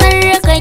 生日歌。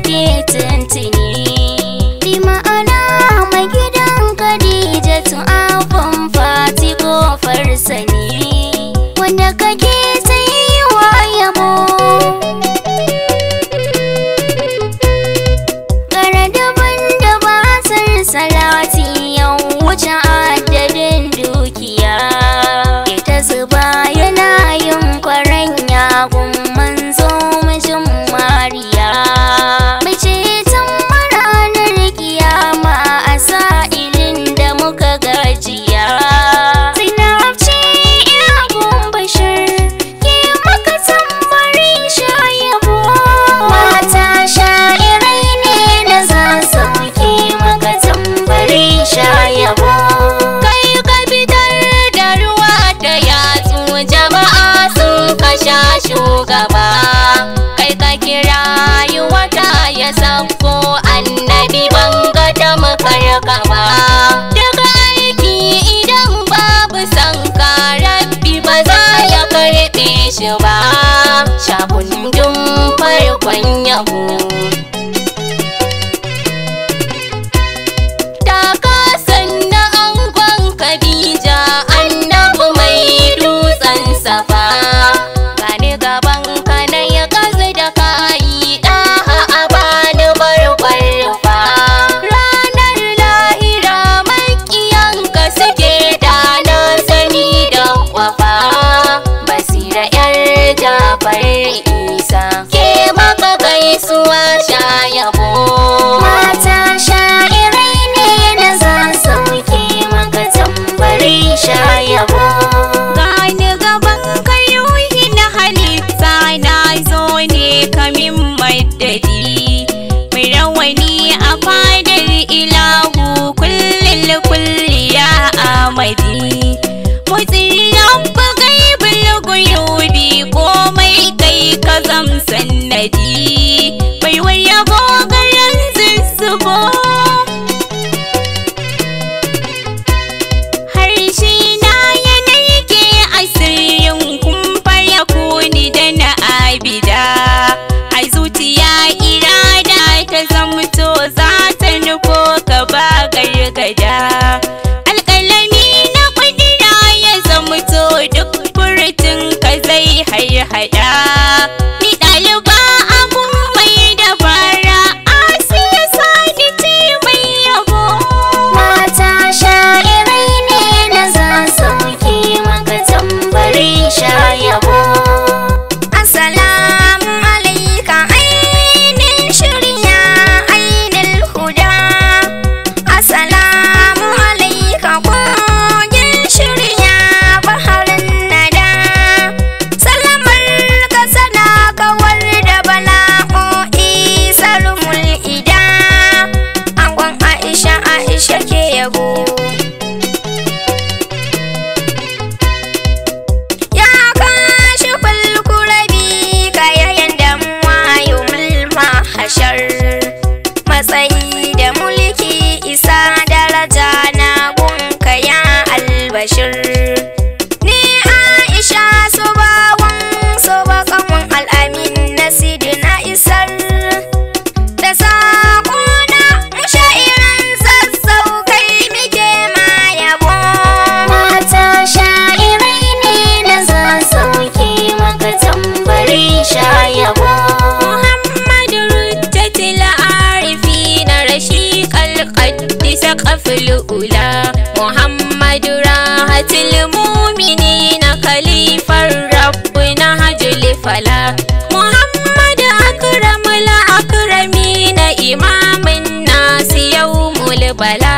Muhammadu rahatil mumini na khalifar rabbu na hajjul fala Muhammadu akramul akrami na imamin nasi yawmul bala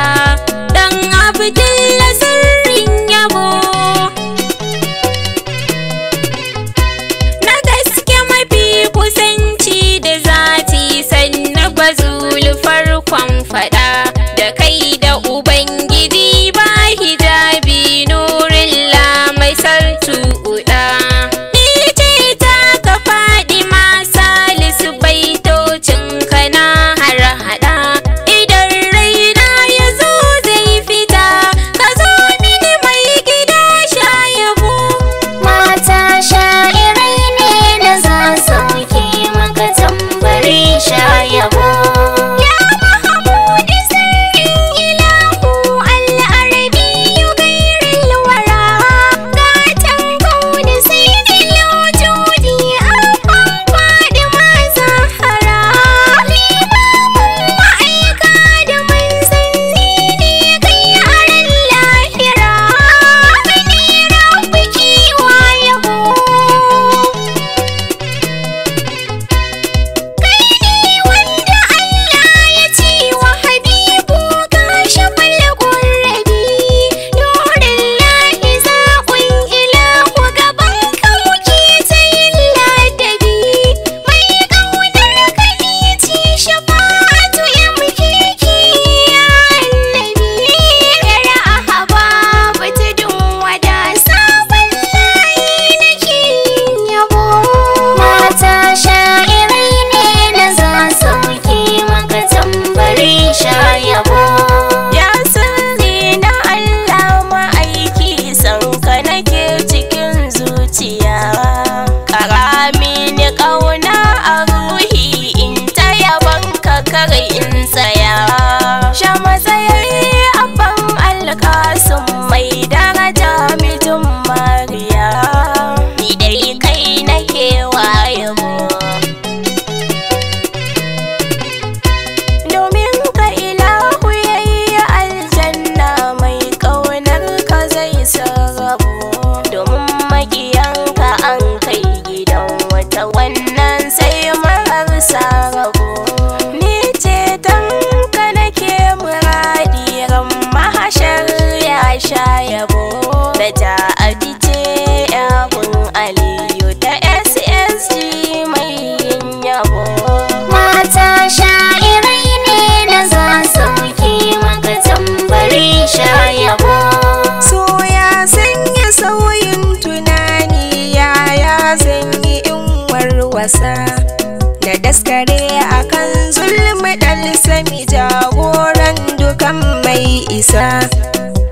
alami jagoran dukan mai isa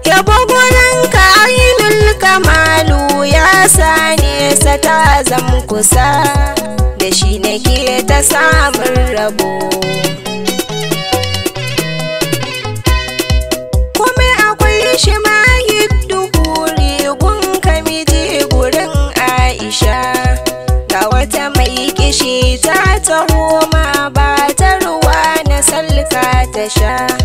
yabo gurinka kamalu ya sa nesa ta zam kusa da shi nake ta samun rabo kuma akwai shi mahid duhuri gun kamije gurin aisha ga wata mai kishi ta taho special.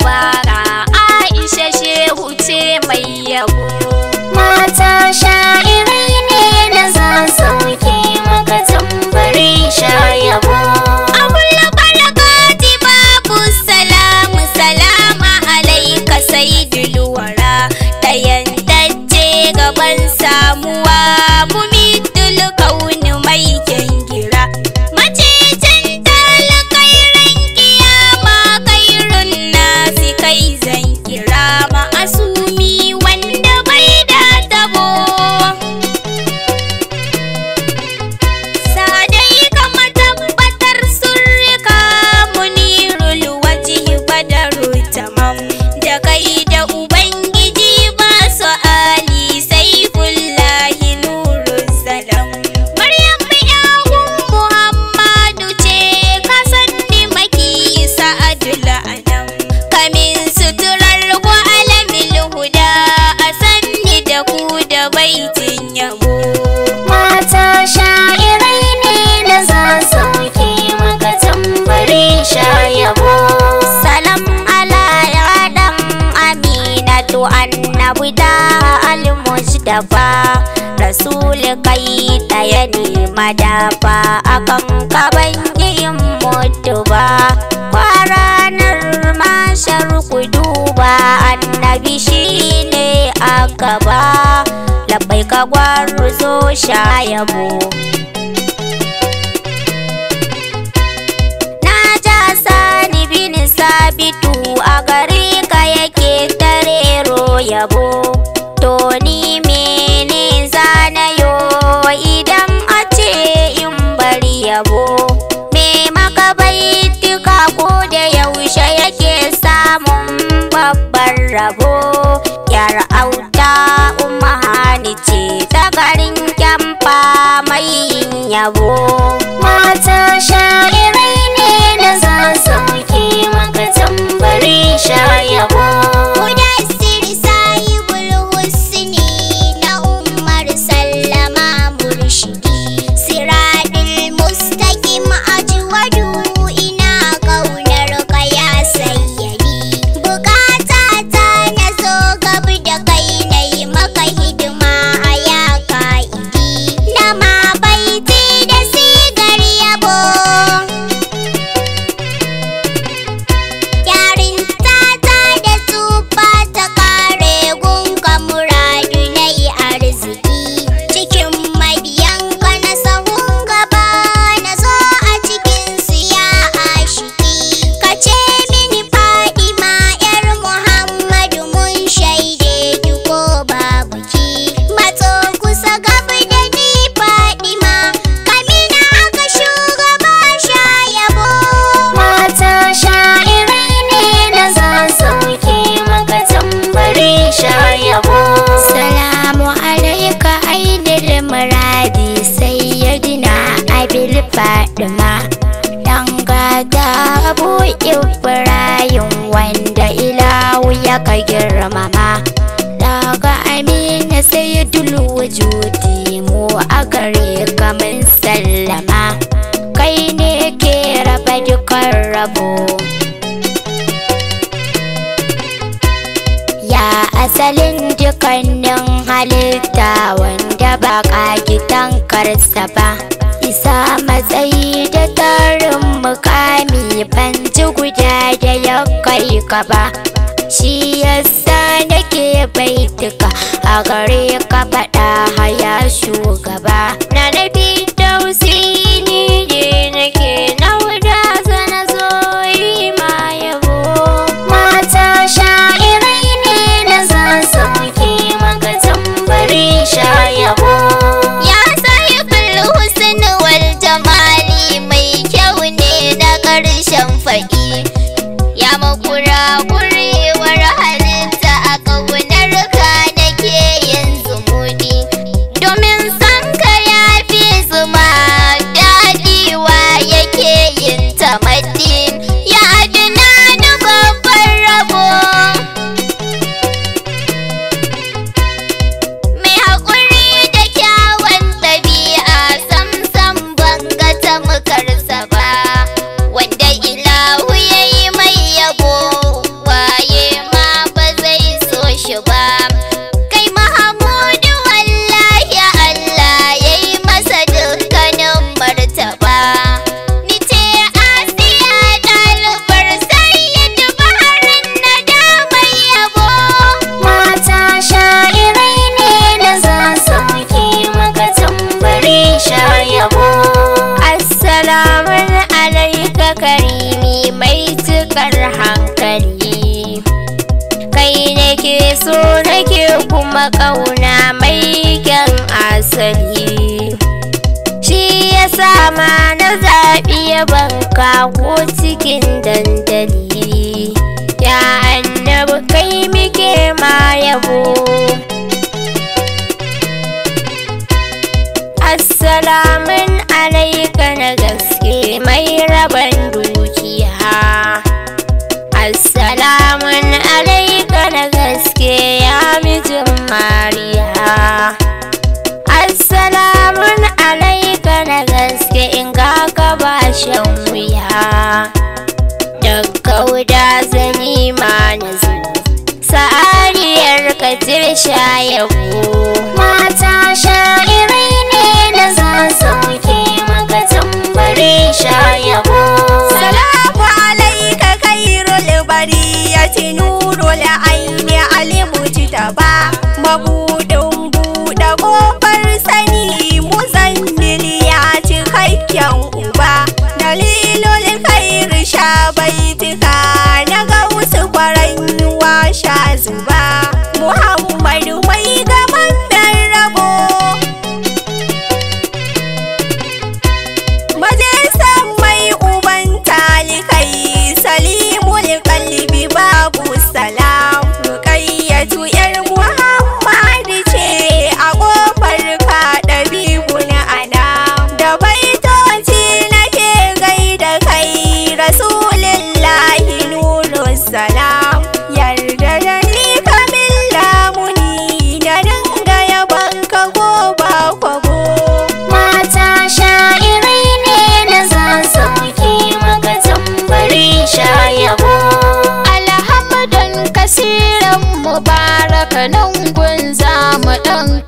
gaba madafa akan kaban yin mutu ba ranar mashar ku ba annabi shi ne a gaba labai ka gwarzo sha na ja sani bin sabitu a gari ka yake tare yabo to ni yabo me maka baituka ko da yaushe yake samun babbar rabo yar auta umahani ce ta garin kyamfa mai yabo mata sha'irai ne na za sauki maka tambari shayabo rabo ya asalin dukkanin halitta wanda ba ƙagitan karsa ba isa matsayi da tarin mukami banji guda da ya kai ka ba shi yasa nake baituka a gare ka faɗa haya shugaba na sama na zaɓi ya banka ko cikin dandali ya annabi kai muke ma yabo assalamun alaika na gaske mai rabar shan wuya da kauda zani ma na zo sa'ariyar katir shayabu mata sha'irai ne da za sauke maka tambare shayabu salamu alaika kairul bariyati nurul aini alimuji ba mabu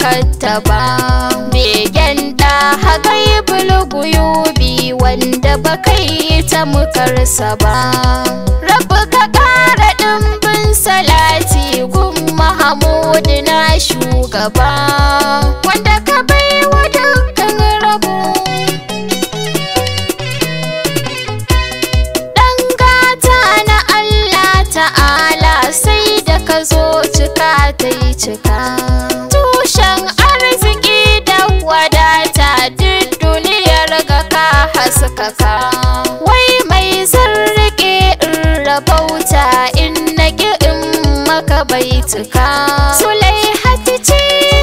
kattaba begen da hagai bi wanda ba yi ta mukarsa ba rabu ka ƙara ɗimbin salati gun mahamud na shugaba wanda ka bai wa dukkan rabu ɗan na Allah ta'ala sai da ka zo cika ta yi cika suka ka wai mai sarrike in rabauta in na in maka baituka sulai hatice